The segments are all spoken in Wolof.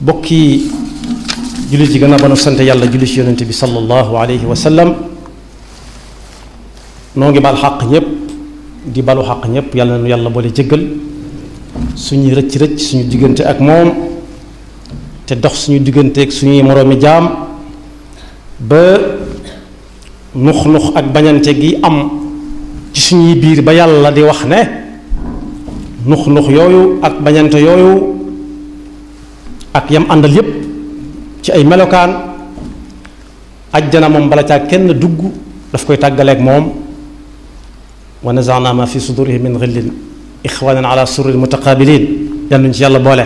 bokki jullit yi gannaaw ba nu sant yàlla julli ci yonente bi sallallahu alayhi wa noo ngi bal xàq ñépp di balu xaq ñépp yàlla nu yàlla boole jéggal suñuy rëcc rëcc suñu diggante ak moom te dox suñu diggante ak suñuy moroomi jaam ba nux nux ak bañante gi am ci suñuy biir ba yàlla di wax ne nux nux yooyu ak bañante yooyu ak yam àndal yépp ci ay melokaan ajjana moom bala caa kenn dugg daf koy tàggaleek moom wane nazaana ma fi sudurihim min xillin ixwanan ala sururin mutaqabilin yal nañu ci yàlla boole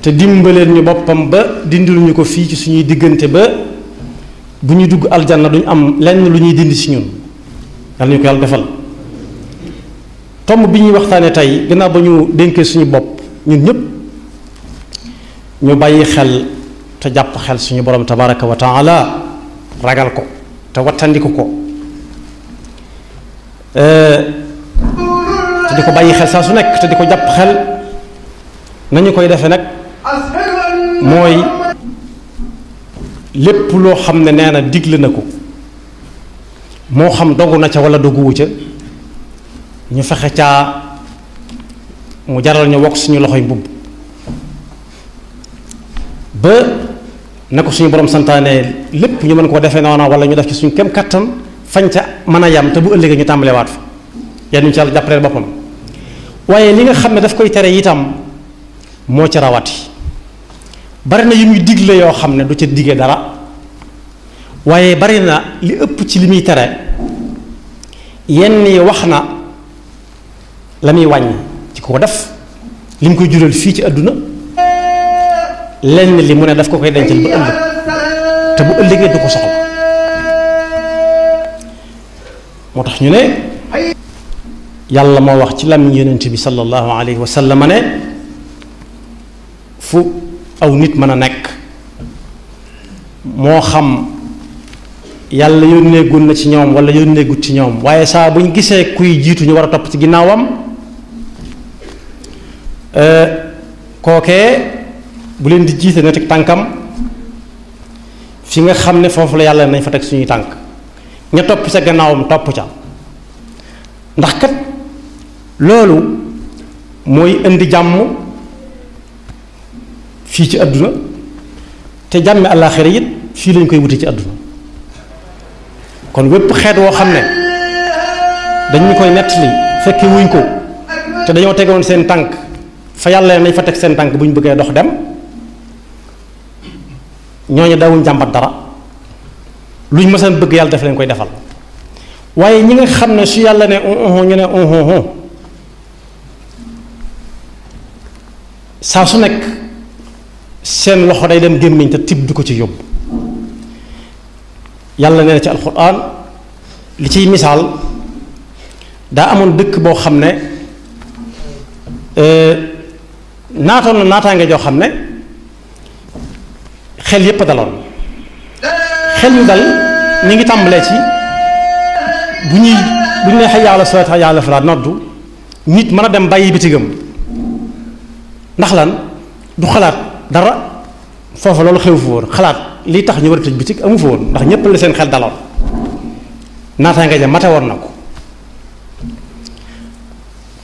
te dimbaleen ñu boppam ba dindiluñu ko fii ci suñuy diggante ba bu ñuy dugg aljanna duñ am lenn lu ñuy dindi si ñun yal nañu ko yàlla defal tomb bi ñuy waxtaanee tey gannaaw ba ñu dénkee suñu bopp ñun ñëpp ñu bàyyi xel te jàpp xel suñu borom tabaraka wa la ragal ko te wattandiku ko te di ko bàyyi xel saa su nekk te di ko jàpp xel nañu koy defe nag mooy lépp loo xam ne nee na digle na ko moo xam dogu na ca wala doguwu ca ñu fexe caa mu jaral ñu wokk suñu loxoy mbubb ba na ko suñu borom santaane lépp ñu mën koo defee noona wala ñu def ci suñu kem kattan fañ ca mën a yam te bu ëllëgee ñu tàmbalee waat fa yal nañu ci yàlla jàppaleel boppam waaye li nga xam ne daf koy tere itam moo ci rawati bari na yu muy digle yoo xam ne du ca diggee dara waaye bari na li ëpp ci li muy tere yenn yi wax na la muy wàññ ci ko def li mu koy jural fii ci àdduna lenn li mu ne daf ko koy dencal ba ëllëg te bu ëllëgee du ko soxla moo tax ñu ne yàlla moo wax ci lam yonent bi sallallahu alayhi wa sallam ne fu aw nit mën a nekk moo xam yàlla yónneegul na ci ñoom wala yónneegut ci ñoom waaye saa buñ gisee kuy jiitu ñu war a topp ci ginnaawam euh, kookee bu leen di jiite na teg tànkam fi nga xam ne foofu la yàlla nañ fa teg suñuy tànk ña topp sa gannaawam topp ca ndax kat loolu mooy indi jàmm fii ci àdduna te jàmmi àllaaxira it fii lañ koy wute ci àdduna kon wépp xeet woo xam ne dañu koy nettali fekke wuñ ko te dañoo tegoon seen tànk fa yàlla nañ fa teg seen tànk bu ñu bëggee dox dem ñooñu dawuñ jàmbat dara luñ mësaan bëgg yàlla daf leen koy defal waaye ñi nga xam ne su yàlla ne ñu ne saa su nekk seen loxo day dem gémmiñ te tibb du ko ci yóbbu yàlla nee na ci alxuraan li ciy misaal daa amoon dëkk boo xam ne euh, naatoon na naataange joo xam ne xel yépp daloon xel yu dal mi ngi tàmbalee ci bu ñuy bu ñu nee xay yàlla salaat xay yàlla falaat noddu nit mën a dem bàyyi bitigam ndax lan du xalaat dara foofa loolu xew fa woon xalaat li tax ñu war a tëj bitig amu fa woon ndax ñépp seen xel daloon naataa nga ja mate woon na ko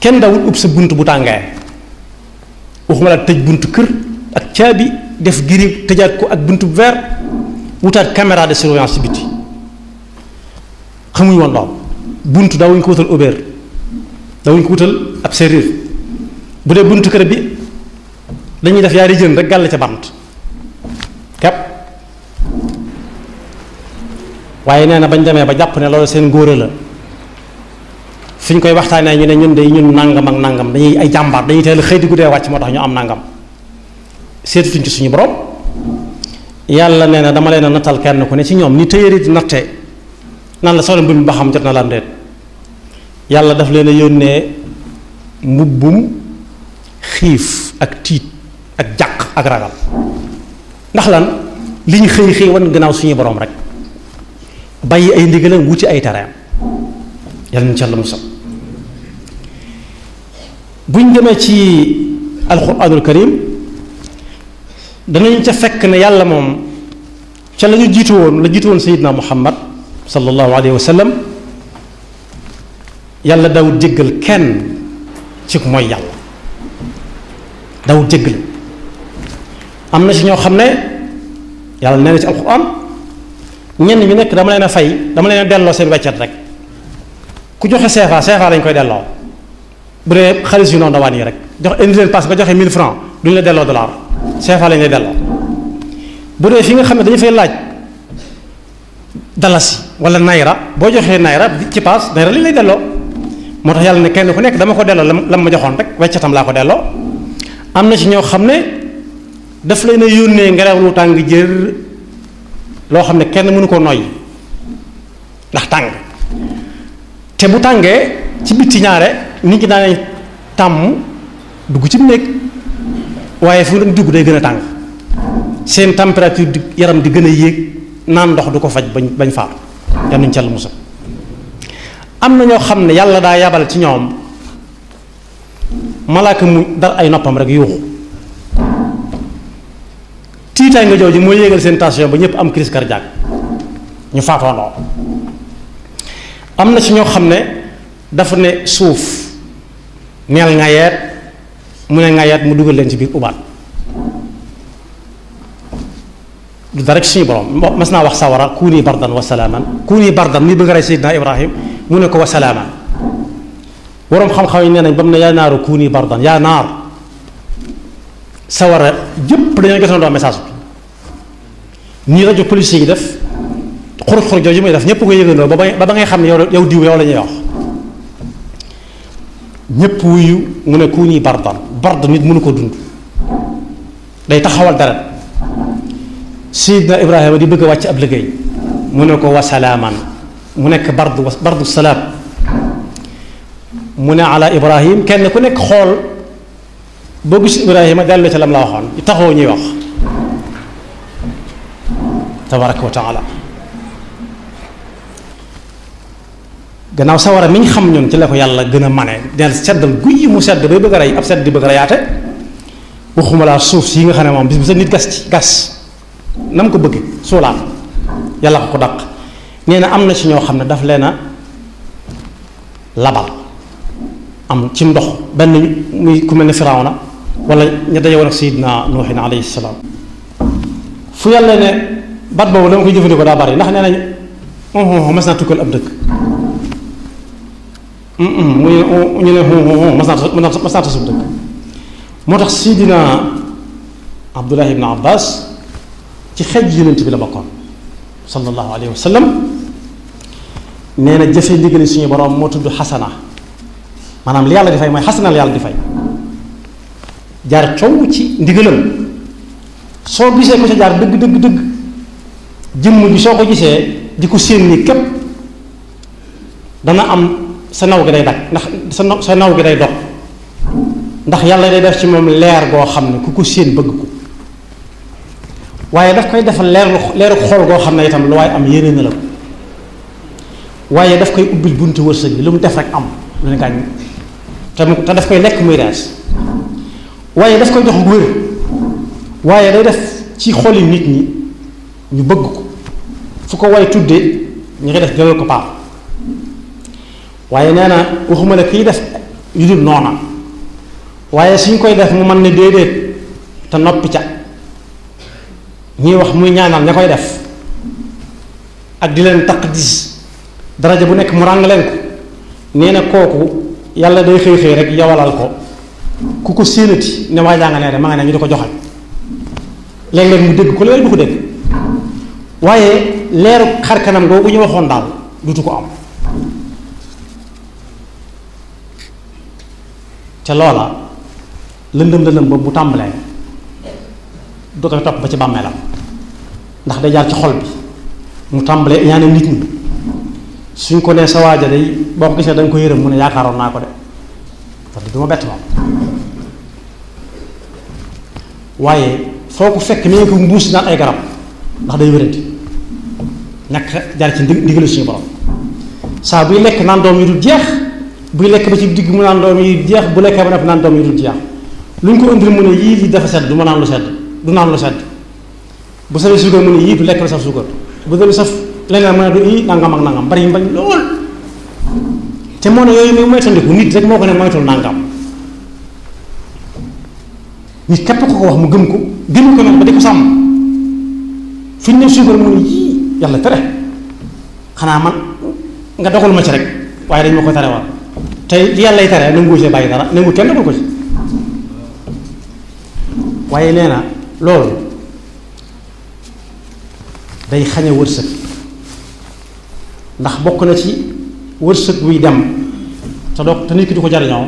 kenn dawul ub sa bunt bu tàngee waxuma la tëj buntu kër ak caabi def giri tëjaat ko ak bunt bu verre wutaat caméra de surveillance si biti xamuñ woon lool buntu daawuñ ko wutal auber daawuñ ko wutal ab serrure bu dee buntu kër bi dañuy def yaari jën rek gàll ca bant képp waaye nee na bañ demee ba jàpp ne loolu seen ngóore la fi ñu koy waxtaanee ñu ne ñun day ñun nangam ak nangam dañuy ay jàmbaar dañuy teel xëy di guddee wàcc moo tax ñu am nangam. seetatuñ ci suñu borom yàlla nee na dama leen a nattal kenn ku ne ci ñoom ni téyéeri di natte nan la soxla mbir mi ba xam jot na lam déet yàlla daf leen yónnee mbubbum xiif ak tiit ak jàq ak ragal ndax lan li ñu xëy xëy wan gannaaw suñu boroom rek bàyyi ay ndigalam wuti ay tereem yàlla nañu ci yàlla musal buñ demee ci alquranul karim danañ ca fekk ne yàlla moom ca lañu ñu jiitu woon la jiitu woon sayidna muhammad sallallahu alayhi wa sallam yàlla daw jéggal kenn ci mooy yàlla daw jéggal am na si ñoo xam ne yàlla nee na ci alquran ñenn ñu nekk dama leen a fay dama leen a delloo seen weccet rek ku joxe CFA CFA lañ koy delloo bu dee xaalis yu noonu dawaan yi rek jox indi leen pass ba joxe 1000 francs duñ la delloo dollar cinq fois lañ lay delloo bu dee fi nga xam ne dañu fay laaj dalasi wala nayra boo joxee nayra ci paas nayra lañ lay delloo moo tax yàlla ne kenn ku nekk dama ko delloo lam ma joxoon rek weccatam laa ko delloo am na ci ñoo xam ne daf leen a yónnee ngelaw lu tàng jër loo xam ne kenn mënu koo noyyi ndax tàng te bu tàngee ci bitti ñaare nit ñi daanay tàmm dugg ci néeg waaye fu mu dugg day gën a tàng seen température di yaram di gën a yéeg naan ndox du ko faj bañ bañ faatu yal nañu ci Yàlla am na ñoo xam ne yàlla daa yabal ci ñoom malaaka mu dar ay noppam rek yuuxu tiitaay nga jooju mooy yéegal seen tension ba ñëpp am crise cardiaque ñu faatoondoo am na si ñoo xam ne dafa ne suuf neel nga yeet mu ne ngayaat mu dugal leen ci biir ubaat du dara ci suñu borom mas naa wax sawara kuuni bardan wa salaaman kuuni bardan muy bëgg a rey Seydina Ibrahim mu ne ko wa salaaman waroom xam-xam yi nee nañ ba mu ne yaa naaru kuuni bardan yaa naar sawara yëpp dañoo gëstoo doon message bi nii rajo policier yi def xur-xur jooju muy def ñëpp ko yëgandoo ba ba ngay xam ne yow diw yow la ñuy wax. ñépp wuyu mu ne ku ñuy bardan bard nit mënu ko dund day taxawal dara sayidna ibrahima di bëgg a wàcc ab liggéey mu ne ko wasalaaman mu nekk bardu bardu salaam mu ne ala ibrahim kenn ku nekk xool boo gis ibrahima dellu ca lam la waxoon taxoo ñuy wax tabaraka wa taala gannaaw sawara miñ xam ñun ci la ko yàlla gën a mane del seddal guy mu sedd bay bëgg a rey ab sedd di bëgg a reyaate waxuma suuf si nga xam ne moom bis bu sa nit gas ci gas na mu ko bëgg suulaat yàlla ko ko daq nee na am na ci ñoo xam ne daf leen a labal am ci ndox benn muy ku mel ne Firawna wala ña daje woon ak Seydina Nuuhin alayhi salaam fu yàlla ne bat boobu dama koy jëfandikoo daa bari ndax nee nañ mas naa tukkal ab dëkk mu ñu ne moo tax sidina abdullah ibn abbas ci xej yonent la bokkoon sallallahu alayhi na jëfe ndigali suñu borom moo tudd xasana maanaam li yàlla di fay mooy xasana li yàlla di fay jaar coow ci ndigalam soo gisee ko ca jaar dëgg dëgg dëgg jëmm soo ko gisee di ko séen ni képp dana am sa naw gi day dagg ndax sa naw sa naw gi day dog ndax yàlla day def ci moom leer goo xam ne ku ko seen bëgg ko waaye daf koy defal leeru leeru goo xam ne itam lu waay am yéene na la ko waaye daf koy ubbil buntu wërsëg bi lu mu def rek am lu ne gàññ te te daf koy lekk muy rees waaye daf koy jox wér waaye day def ci xoli nit ñi ñu bëgg ko fu ko waay tuddee ñu koy def jëlal ko paam waaye nee na waxuma la kiy def yu dul noona waaye suñ koy def mu mën ne déedéet te noppi ca ñuy wax muy ñaanal ña koy def ak di leen taqdis daraja bu nekk mu ràng leen ko nee na kooku yàlla day xëy xëy rek yawalal ko ku ko séenati ne waajaa nga ne de ma nga ne ñu ko joxal léeg-léeg mu dégg ko léeg du ko dégg waaye leeru xar kanam googu ñu waxoon daal dutu ko am ca loola lëndëm lëndëm boobu bu tàmbalee du koy topp ba ci bàmmeelam ndax day jaar ci xol bi mu tàmbalee ñaane nit ñi suñ ko nee sa waaja day boo ko gisee da ko yërëm mu ne yaakaaroon naa ko de parce que du ma bett moom waaye foo ko fekk mi ngi ko mbuus naan ay garab ndax day wérante ñàkk jaar ci ndigalu suñu borom saa buy lekk naan doom yu dul jeex buy lekk ba ci digg mu naan doom yi jeex bu lekkee ba noppi naan doom yi dul jeex luñ ko indil mu ne yii li dafa sedd du ma naan lu sedd du naan lu sedd bu safee suukar mu ne yii lekk la saf suukar bu dul saf leneen mu ne du yii nangam ak te moo ne yooyu mooy moytandiku moo ko ne moytul nangam nit képp mu gëm ko gëm ko nag ba ne suukar mu ne yii yàlla tere xanaa man nga dogal ma ci rek waaye dañ ma ko terewal tey yàlla lay tere nangu see bàyyi dara nangu kenn defal ko ci waaye nee na loolu day xañe wërsëg ndax bokk na ci wërsëg buy dem te doo te nit ki du ko jariñoo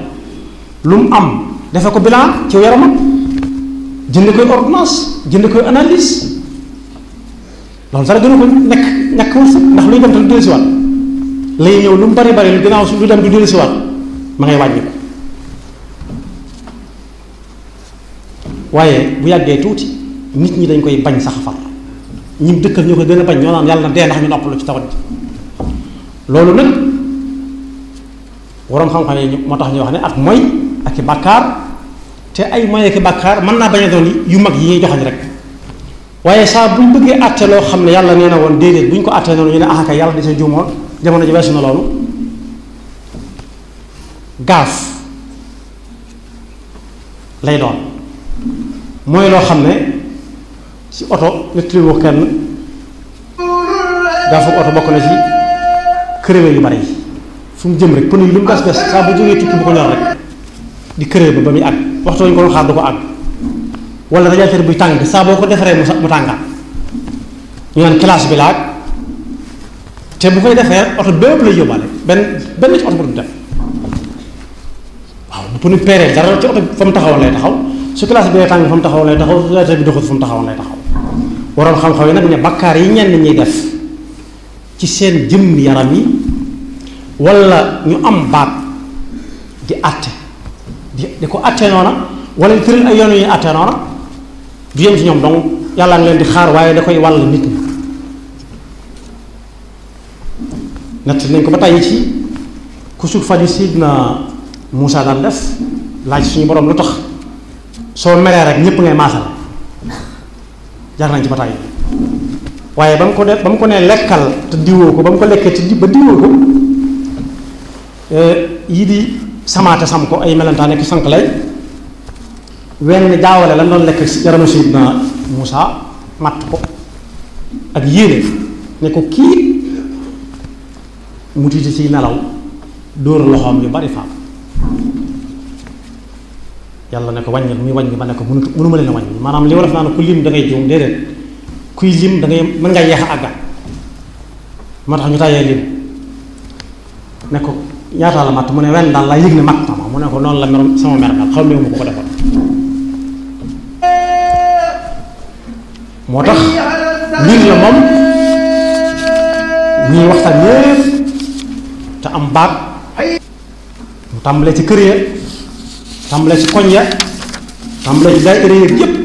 lu mu am defe ko bilan ci yaramam jënd koy ordonnance jënd koy analyse loolu dara gënu ko nekk ñàkk wërsëg ndax luy dem te du dellusiwaat lay ñëw lu mu bari bari lu gannaaw lu dem du dellusiwaat ma ngay wàññi waaye bu yàggee tuuti nit ñi dañ koy bañ sax far ñim dëkkal ñoo ko gën a bañ ñoo naan yàlla na dee ndax ñu noppalu ci tawat ji loolu nag waroon xam-xam yi moo tax ñu wax ne ak mooy ak i bàkkaar te ay mooy ak i bàkkaar mën naa bañ a doon yu mag yi ñuy joxañ rek waaye saa buñ bëggee àtte loo xam ne yàlla nee na woon déedéet buñ ko àttee noonu ñu ne ah kay yàlla di sa juumoon jamono ji weesu na loolu gaz lay doon mooy loo xam ne ci oto nettali kenn gaz oto bokk na ci kërëwe yu bari yi fu mu jëm rek pneu yi lu mu gas gas saa tukki bu ko ñor rek di kërëwe ba ba muy àgg waxtu wañu ko doon xaar du ko àgg wala radiateur buy tàng saa boo ko defaree mu sa mu tàngaat ñu naan classe bi laaj te bu koy defee oto bépp lay yóbbaale benn benn ci oto bu du def bu ñu peeree dara ci oto fa mu taxawoon lay taxaw su classe bi tàng fa mu taxawoon lay taxaw su classe bi doxut fa mu taxawoon lay taxaw waroon xam-xam yi nag ne bakkaar yi ñenn ñuy def ci seen jëmm yaram yi wala ñu am baat di àtte di di ko àttee noona wala tëral ay yoon yu ñu àttee noona du yem ci ñoom donc yàlla ngi leen di xaar waaye da koy wàll nit ñi natt nañ ko ba tàyyi ci ku suuf faju sidna Moussa daan def laaj suñu borom lu tax soo meree rek ñëpp ngay maasal jar nañ ci bataay waaye ba mu ko def ba mu ko nee lekkal te diwoo ko ba mu ko lekkee te diwoo ko eh, yii di samaate sam ko ay melentaan ak sanq lay wenn jaawale lan doon lekk yaramu Sayyidina Moussa matt ko ak yéene ne ko kii mu tiiti ci nelaw dóor loxoom yu bari faam yàlla ne ko wàññil muy wàññi ba ne ko mënut mënuma leen a wàññi maanaam li war a naan ku lim da ngay juum déedéet kuy lim da ngay mën nga yeex a moo tax ñu tàyyee lim ne ko ñaata la matt mu ne wenn daal laa yëg ne matt na ma mu ko noonu la merom sama mer daal xaw moo tax mbir la moom ñuy waxtaan yépp te am baat tàmbalee ci kër ya tàmbale ci koñ ya tàmbale ci daayira yi yépp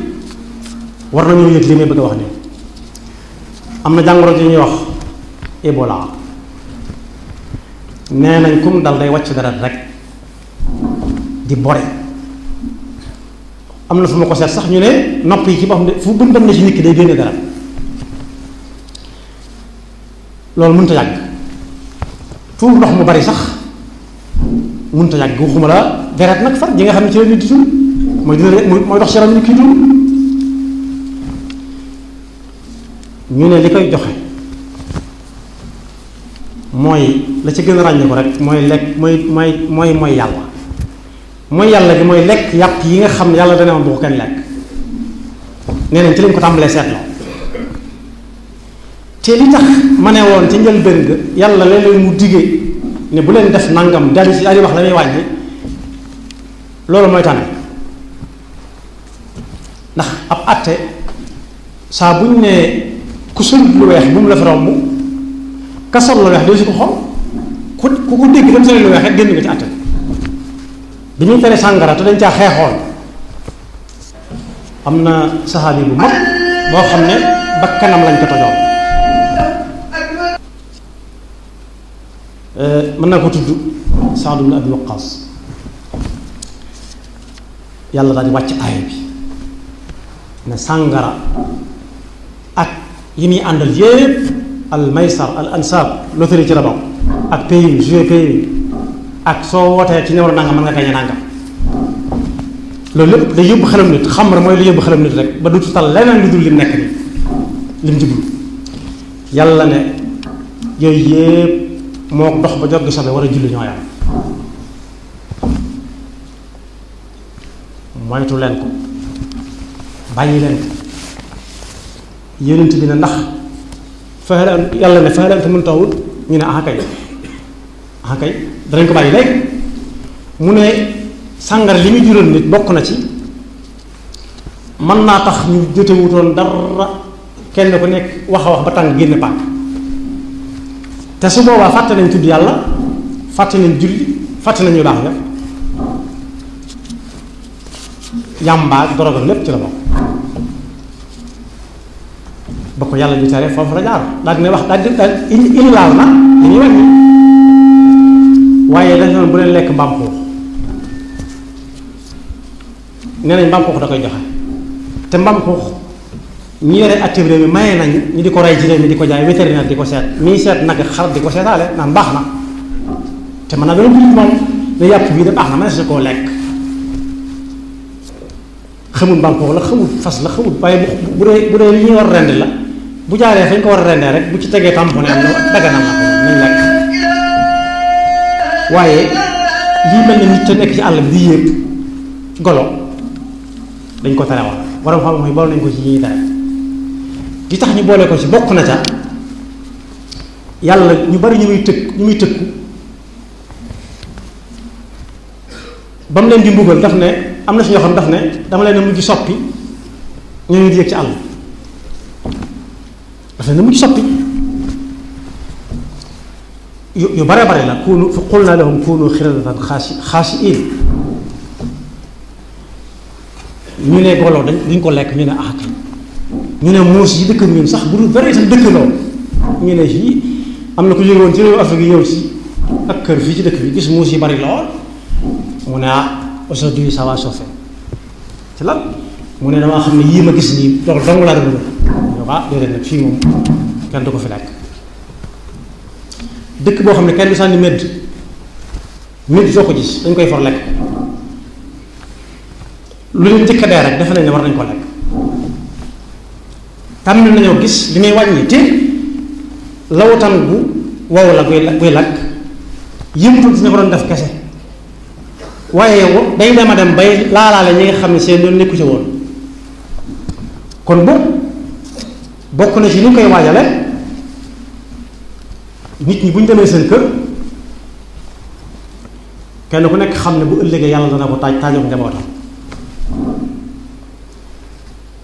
war nañoo yëg li may bëgg a wax ni am na jàngoro ji ñuy wax Ebola nee nañ kum dal day wàcc dara rek di bore am na fu ma ko set sax ñu ne nopp yi ci boo xam ne fu bën bën na ci nit ki day génne dara loolu mënut a yàgg tuur ndox mu bari sax mënut yàgg waxuma la deret nag far ji nga xam ne ci la nit di dund mooy dina mooy dox ci yaram ni kii dund ñu ne li koy joxe mooy la ci gën a ràññee ko rek mooy lekk mooy mooy mooy mooy yàlla mooy yàlla gi mooy lekk yàpp yi nga xam yàlla dana woon bu ko kenn lekk nee nañ ci lañ ko tàmbalee seetloo te li tax ma ne woon ca njëlbéen ga yàlla léeg-léeg mu diggee ne bu leen def nangam daal di wax la muy wàññi loolu mooy tànn ndax ab àtte saa bu ñu nee ku solut lu weex bu mu la fi romb ka lu weex doo si ko xool ku ku ko dégg dem solut lu weex génn nga ci àtte bi ñuy tere sàngara te dañ caa xeexoon am na saxaabi bu mag boo xam ne kanam lañ ko tojoon euh, mën naa ko tudd Saadu bnu Abi Waqaas yàlla daal di wàcc aaya bi ne sàngara ak yi muy àndal yépp al maysar al ansaab loterie ci la bokk ak pays joué pays ak soo wootee ci numéro nangam mën nga gañe nangam loolu lépp day yóbbu xelam nit xamra mooy lu yóbbu xelam nit rek ba du tal leneen lu dul lim nekk nii lim jublu yàlla ne yooyu yépp moo dox ba joggi sobe war a julli ñoo yàlla moytu leen ko bàyyi leen ko yonent bi ne ndax fexeel yàlla ne fexeel mun tawut ñu ne ah kay ah kay ko bàyyi léegi mu ne sàngara li muy jural nit bokk na ci mën naa tax ñu jotewutoon dara kenn ku nekk wax a wax ba tàng génn pàkk te su boobaa fàtte nañ tudd yàlla fàtte nañ julli fàtte nañu baax nga yàmbaag dorogam lépp ci la ba ko yàlla di tere foofu la jaar daal dina wax daal di il laal na dañuy wàññi waaye dañu doon bu leen lekk mbaam xuux nee nañ mbaam xuux da koy joxe te mbaam xuux ñi yore active réew mi maye nañ ñu di ko rey ci mi di ko jaay vétérinaire di ko seet mii seet nag xar di ko seetaale naan baax na te mën naa gën a moom ne yàpp bii de baax na mënees na koo lekk xamul mbampoo la xamul fas la xamut waaye bu dee bu dee li ñuy war a rendi la bu jaaree fañ ko war a rendee rek bu ci tegee tamponé am na daganal la ko nañ lekk waaye lii mel nekk ci àll bi di yéeg golo dañ ko tere woon xam mooy boole nañ ko ci ñuy tere boole ko ci bokk na ca ñu bari ñu muy tëkk ñu muy tëkku ba mu leen di mbugal daf ne am na si ñoo xam daf ne dama leen a mujj soppi ñu ngi yëg ci àll daf leen a mujj soppi yu yu bare bare la kunu fa qulna lahum kunu xiradatan xaasi xaasiin ñu ne golo dañ duñ ko lekk ñu ne aak ñu ne muus yi dëkk ñun sax bu dul bare sax dëkkaloo ñu ne fii am na ku jóge woon ci réew Afrique yi ñëw si ak kër fii ci dëkk bi gis muus yi bari lool mu ne ah aujourd'hui ça va chauffer ci lan mu ne damaa xam ne yii ma gis nii loolu dong laa doon ñëw ah déedéet nag fii moom kenn du ko fi lekk dëkk boo xam ne kenn du sànni medd medd soo ko gis dañ koy for lekk lu ñu njëkk a dee rek defe nañ ne war nañ ko lekk tàmm nañoo gis li muy wàññi te lawatan bu wow la guy guy lakk yëngutul si ne ko doon def kese. waaye day dem a dem bay laalaale ñi nga xam ne seen doon nekku ci woon kon bu bokk na ci ni koy waajale nit ñi bu ñu demee seen kër kenn ku nekk xam ne bu ëllëgee yàlla na ko taaj taajoo njabootam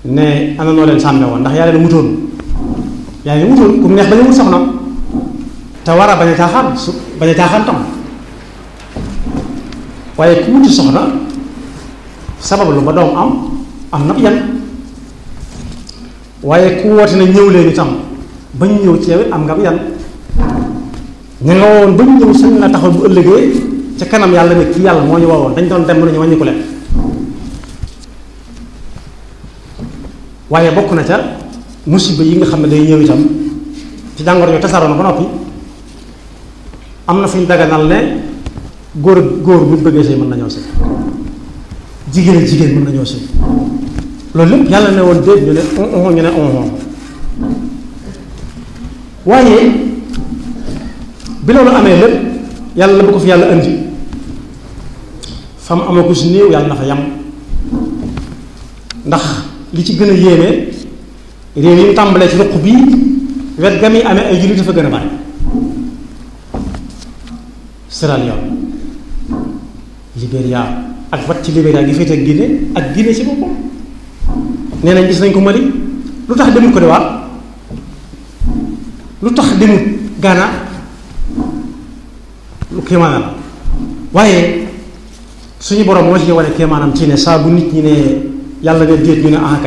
ne ana noo leen sàmme woon ndax yaa leen wutoon yaa leen wutoon ku neex ba ñu wut soxna te war a bañ a caaxaan su bañ a caaxaan tam waaye ku wuti soxna sabab lu ba doom am am na yan waaye ku woote na ñëw leen itam bañ ñëw ci yow am nga yan ña nga woon bañ ñëw sañ la taxaw bu ëllëgee ca kanam yàlla ne kii yàlla moo ñu wawoon dañ doon dem ñu wàññi ko leen waaye bokk na ca musiba yi nga xam ne day ñëw itam ci jàngoro yooyu tasaaroo na ba noppi am na fu ñu daganal ne góor góor buñ bëggee sëy mën nañoo sëy jigéen ak jigéen mën nañoo sëy loolu lépp yàlla ne woon déet ñu ne on on ñu ne on on waaye bi loolu amee lépp yàlla la bu ko fi yàlla andi fam ama ko si néew yàlla na fa yam ndax li ci gën a yéeme réew yi mu tàmbalee ci ruq bii wet gam yi amee ay jullit dafa gën a bari sëral yoon Libéria ak wat ci Libéria gi féete ak Guinée ak Guinée ci boppam nee gis nañ ko Mali lu tax demut Côte lu tax demut Ghana lu kéemaanam waaye suñu borom moo ci wane kéemaanam ci ne saa bu nit ñi ne yàlla ne déet ñu ne ah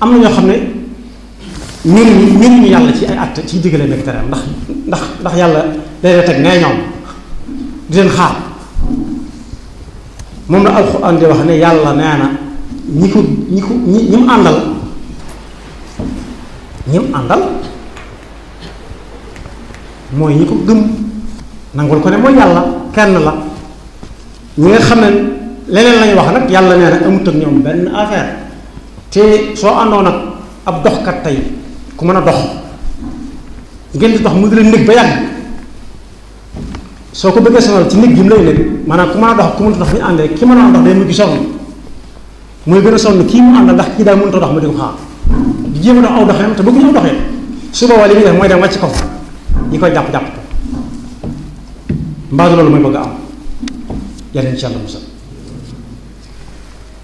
am na ñoo xam ne ñun ñun ñu yàlla ci ay at ci digale nekk tereem ndax ndax ndax yàlla day teg nee ñoom di leen xaar. moom la alxuraan di wax ne yàlla nee na ñi ko ñi ko ñi ñi mu àndal ñi mu àndal mooy ñi ko gëm nangul ko ne mooy yàlla kenn la ñi nga xam ne leneen lañuy wax nag yàlla nee na amut ak ñoom benn affaire te soo àndoon ak ab doxkat tey ku mën a dox ngeen di dox mu di la néeg ba yàgg soo ko bëggee sonal ci nit gi mu lay nekk maanaam ku mën a dox ku mënta dox bu ñu àndee ki mën a dox day mooy gën a sonn kii mu àndal ndax kii daal mënta dox ma di ko xaar di jéem a dox aw doxeem te bëgguñu aw doxeem su boobaa li muy def mooy dem wàcc ko fa ñi koy jàpp jàpp ko mbaadu loolu mooy bëgg a am yàlla incha allah musal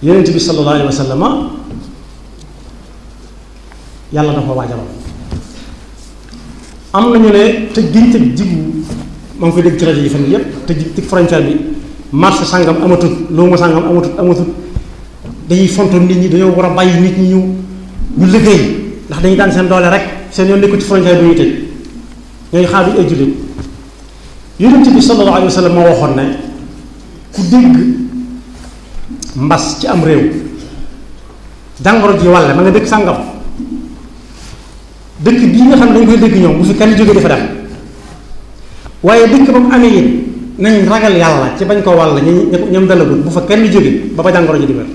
yonent bi sallallahu alayhi wa sallam ne tëj giñ tëj jigu ma ngi koy dégg ci rajo yi fan yii yëpp te bi marché sangam amatul luuma sangam amatul amatul dañuy font nit ñi dañoo war a bàyyi nit ñi ñu ñu liggéey ndax dañu daan seen doole rek seen yoon nekkul ci frontière bi ñuy tëj ñooy xaar ay jullit yonent bi sallallahu alayhi wa sallam moo waxoon ne ku dégg mbas ci am réew jàngoro ji wàlle ma nga dëkk sàngam dëkk bii nga xam ne dañ koy dégg ñoom bu fi kenn jógee dafa dem. waaye dëkk ba mu amee it nañ ragal yàlla ci bañ koo wàll ñi ñoom dalagul bu fa kenn jóge ba ba jàngoro ji di wér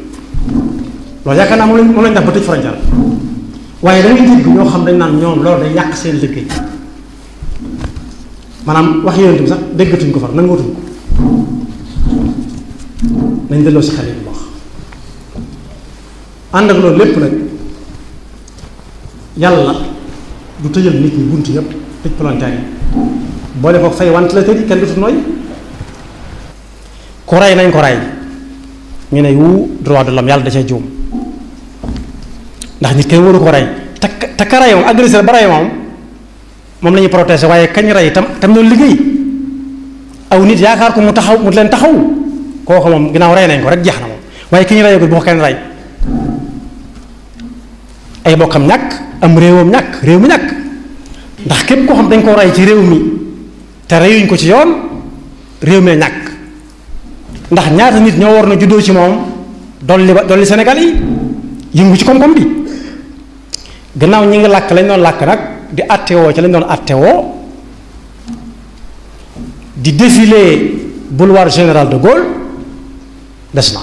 loolu yaakaar naa moom lañ moom lañ def ba tëj frontière waaye da ñoo xam dañ naan ñoom loolu day yàq seen liggéey wax yonent bi sax déggatuñ ko far nangatuñ ko nañ delloo si xel yi bu baax ànd loolu lépp nag yàlla du tëjal nit ñi bunt yépp tëj palanteer yi boole ko fay wante la tëri kenn du nooy ku rey nañ ko rey ñu ne wu droit de l'homme yàlla da cee juum ndax nit kenn waru ko rey takk takk rey moom agressé ba rey moom moom la ñuy waaye kañ rey tam tam doon liggéey aw nit yaakaar ko mu taxaw mu leen taxaw kooku moom ginnaaw rey nañ ko rek jeex na moom waaye ki ñu reyagul bu ko kenn rey ay bokkam ñàkk am réewam ñàkk réew mi ñàkk ndax képp koo xam dañ koo rey ci réew mi te reyuñ ko ci yoon réew mee ñàkk ndax ñaata nit ñoo war na juddoo ci moom dolli ba dolli Sénégal yi yëngu ci koom-koom bi gannaaw ñi ngi làkk lañ doon làkk nag di attewoo ci lañ doon attewoo di défilé boulevard général de Gaulle des na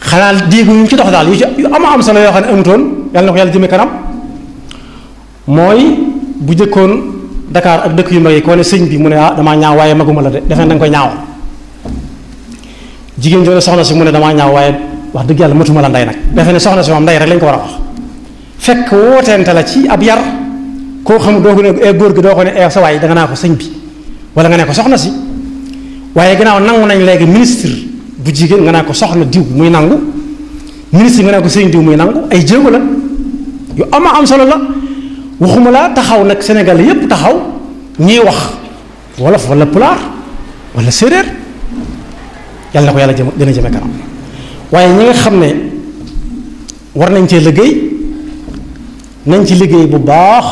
xanaa diigu ñu ci dox daal yu ci yu ama am solo yoo xam ne amutoon yàlla na ko yàlla jëme kanam mooy bu jëkkoon Dakar ak dëkk yu mag yi ko ne sëñ bi mu ne ah damaa ñaaw waaye maguma la de defe da nga koy ñaaw jigéen jooju soxna si mu ne damaa ñaaw waaye wax dëgg yàlla matuma la nday nag defe ne soxna si moom nday rek ko war a wax fekk wooteente la ci ab yar koo xam doo ko ne eh, góor gi doo ko ne eh, sa waay da naa ko sëñ bi wala nga ne ko soxna si waaye gannaaw nangu nañ léegi ministre bu jigéen nga naa ko soxna diw muy nangu ministre nga naa ko sëñ diw muy nangu ay jéego la yu ama am solo la waxuma laa taxaw nag Sénégal yépp taxaw ñiy wax wolof wala pulaar wala séeréer yàlla na ko yàlla jëm gën jëme kanam waaye ñi nga xam ne war nañ cee liggéey nañ ci liggéey bu baax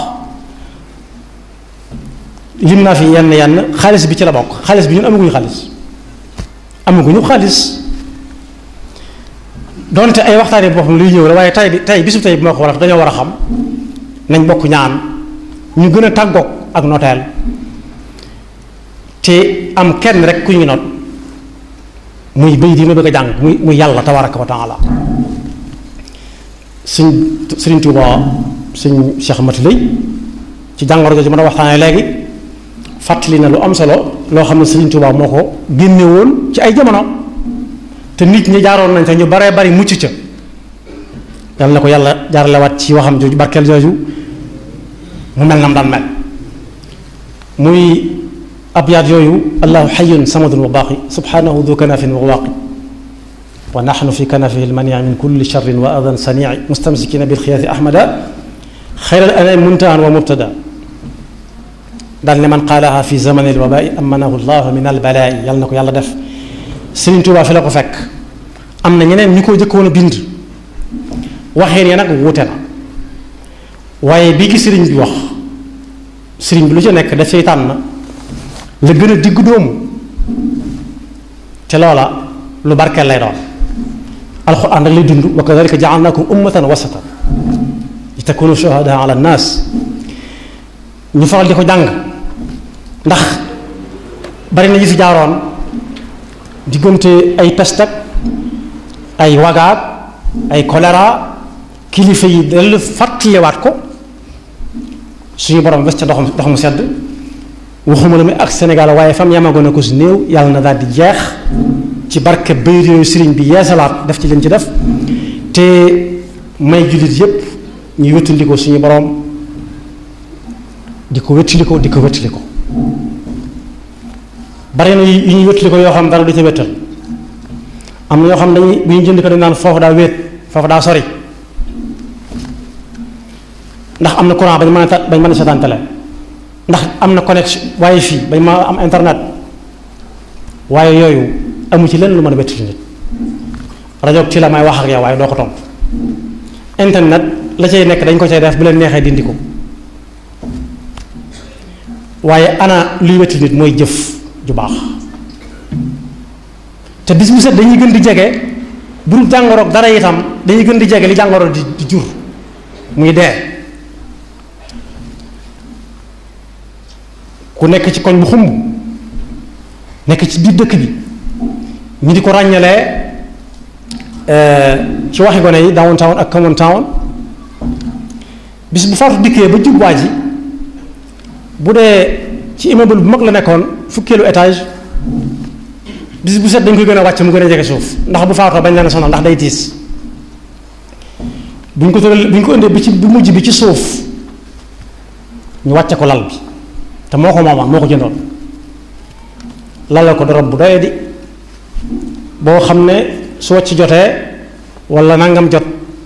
lim naa fi yenn yenn xaalis bi ci la bokk xaalis bi ñun amaguñu xaalis amaguñu xaalis donte ay waxtaanee boppam luy ñëw la waaye tay bi tay bisu tay bi moo ko war a dañoo war a xam nañ bokk ñaan ñu gën a tàggoog ak noteel te am kenn rek ku ñu not muy bay di ma bëgg a jàng muy muy yàlla tabaraka wa taala suñ Sëriñ Tuuba suñ Cheikh Mati Lay ci jàngoro jooju ma a waxtaanee léegi fàttali na lu am solo loo xam ne Sëriñ Tuuba moo ko génnewoon ci ay jamono te nit ñi jaaroon nañ te ñu baree bari mucc ca yàlla na ko yàlla jaaralewaat ci waxam jooju barkeel jooju mu mel na mu daan mel muy abyaat yooyu allahu xayun samadun wa baaqi subhanahu du kanafin wa waaqi wa naxnu fi kanafihi lmania min kulli charrin wa adan sanici mustamsikina bilxiyaati ahmada xayral anam muntahan wa mubtada daal ne man qaalaha fi zamani lwabaai amanahu llahu min albalaai yàlla na ko yàlla def Sëriñ Tuubaa fi la ko fekk am na ñeneen ñu ko jëkkoon a bind waxeen ya nag wuute na waaye bi ki sëriñ bi wax sëriñ bi lu ca nekk def seytaan na la gën a diggu doomu te loola lu barkeel lay doon alxuraan rek lay dund wa ko jaalnaakum ummatan wasatan li takunu shuhadaa ala nnaas ñu ko jàng ndax bari na ñu fi jaaroon diggante ay peste ay wagaag ay kolera kilifa yi dellu fàttaliwaat ko suñu borom wes ca dox dox mu sedd waxuma la muy ak Sénégal waaye fam yamagoon na ko si néew yàlla na daal di jeex ci barke bayit yooyu sëriñ bi yeesalaat def ci leen ci def te may jullit yépp ñuy wéttilikoo suñu borom di ko wéttilikoo di ko wéttilikoo bare na yu ñuy wéttilikoo yoo xam dara du ca wéttal am na yoo xam dañuy bu ñu jënd ko dañ naan foofu daa wéet foofu daa sori ndax am na courant bañ mën a bañ mën a seetaan télé ndax am na connexion waaye fii bañ ma am internet waaye yooyu amu ci lenn lu mën a betti nit rajo ci la may wax ak yow waaye doo ko topp internet la cay nekk dañ ko cay def bu leen neexee dindi ko waaye ana luy wetti nit mooy jëf ju baax te bis bu set dañuy gën di jege bu dul dara itam dañuy gën di jege li jàngoro di jur muy dee ku nekk ci koñ bu xumb nekk ci biir dëkk bi ñu di ko ràññalee eh, ci waxi gone yi downtown ak common town bis bu fartu dikkee ba jub waa ji bu dee ci immeuble bu mag la nekkoon fukkeelu étage bis bu set dañ koy gën a wàcc mu gën a jege suuf ndax bu faatoo bañ leen a sonal ndax day tiis bu ñu ko tëral bu ñu ko indee bi ci bu mujj bi ci suuf ñu wàcce ko lal bi te moo ko moomoon moo ko jëndoon lala ko dorob bu doyadi boo xam ne su wàcc jotee wala nangam jot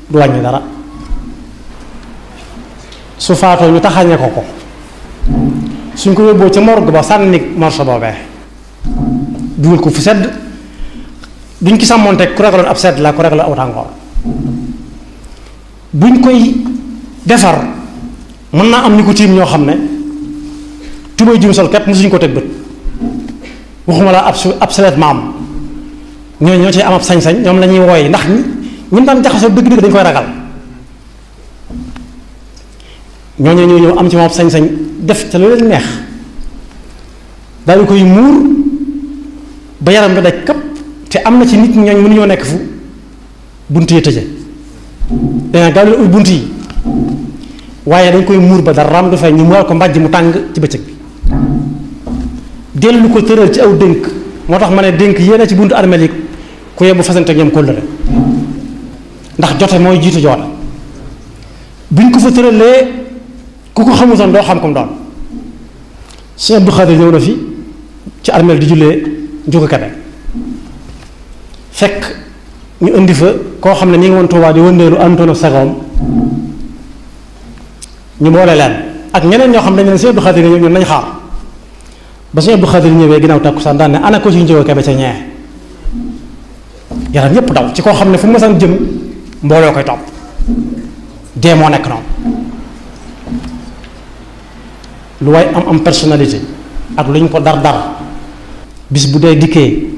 du wàññi dara su faatoo ñu taxañe ko ko suñ ko yóbboo ca morgue ba sànni morso boobee dugal ko fu sedd duñ ki sàmmoonte ku ragaloon ab sedd laa ku ragaloon aw tàngoor buñ koy defar mën naa am ñu ko tiim ñoo xam ne tubay jum sol képp mosuñu ko teg bët waxuma la ab absolète maam ñooñu ñoo ci am ab sañ-sañ ñoom la ñuy wooy ndax ñi ñu daan jaxasoo dëgg-dëgg dañu koy ragal ñooñu ñoo ñëw am ci moom sañ-sañ def ca lu leen neex daal di koy muur ba yaram bi daj këpp te am na ci nit ñooñ ñoo nekk fu bunt yi tëje danaa gaaw bunt yi waaye dañ koy muur ba dara ram du fay mu mural ko mbàjj mu tàng ci bëccëg bi dellu ko tëral ci aw dénk moo tax ma ne dénk yéena ci buntu armeel yi ku yebbu fasante ak ñoom kóllëre ndax jote mooy jiitu joona buñ ko fa tëralee ku ko xamutoon doo xam comme doon Cheikh Abdou Khadir ñëw na ci armeel di jullee njuko fekk ñu indi fa koo xam ne ñu ngi woon Tuubaa di wëndeelu antoon ak sagoom ñu boole leen ak ñeneen ñoo xam dañ leen Cheikh Abdou Khadir ñoom nañ xaar ba sëñ Abdou Khadir ñëwee ginnaaw tàkkusaan daan ne ana ko ci njëwa kebe ca ñee yaram yépp daw ci koo xam ne fu mu masaan jëm mbooloo koy topp dee moo nekk noonu lu waay am am personnalité ak lu ñu ko dar dar bis bu dee dikkee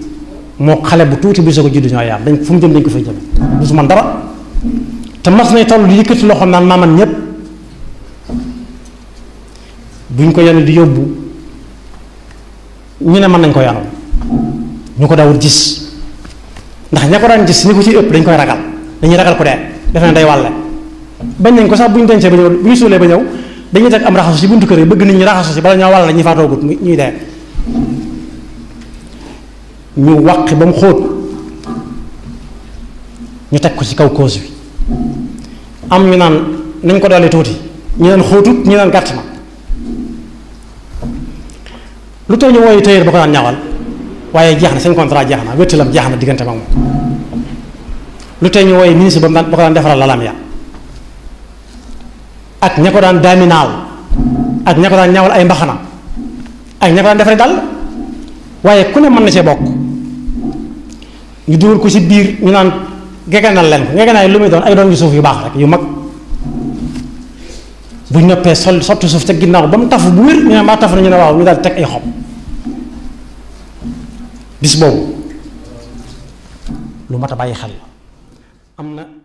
moo xale bu tuuti bi soo ko juddu ñoo yaam dañ fu mu jëm dañ ko fay jëm du su man dara te mas nay toll di yëkkati loxo naan maaman ñépp bu ñu ko yenn di yóbbu ñu ne man nañ koy yanu ñu ko dawul gis ndax ña ko daan gis ni ko ci ëpp dañ koy ragal dañuy ragal ku dee def na day wàlle bañ nañ ko sax bu ñu dencee ba ñëw ba ñëw dañuy teg am raxasu ci buntu kër yi bëgg nit ñi raxasu ci bala ñoo wàll ñi faatoo gut ñuy dee ñu wàqi ba mu xóot ñu teg ko ci kaw cause bi am ñu naan nañ ko dolli tuuti ñu naan xóotut ñu naan gàtt na lu tax ñu wooyu tailleur ba ko daan ñawal waaye jaax na seen contrat jeex na wéttalam jeex na diggante moom lu tax ñu wooyu ministre ba mu daan ba ko daan defaral lalam ya ak ña ko daan daaminaaw ak ña ko daan ñawal ay mbaxana ak ña ko daan defaree dal waaye ku ne mën na cee bokk ñu dugal ko ci biir ñu naan geganal leen ko geganal lu muy doon ay doon yu suuf yu baax rek yu mag bu ñu noppee sol sotti suuf ca ginnaaw ba mu taf bu wér ñu ne maa taf na ñu ne waaw ñu daal teg ay xob bis boobu lu mat a bàyyi xel am na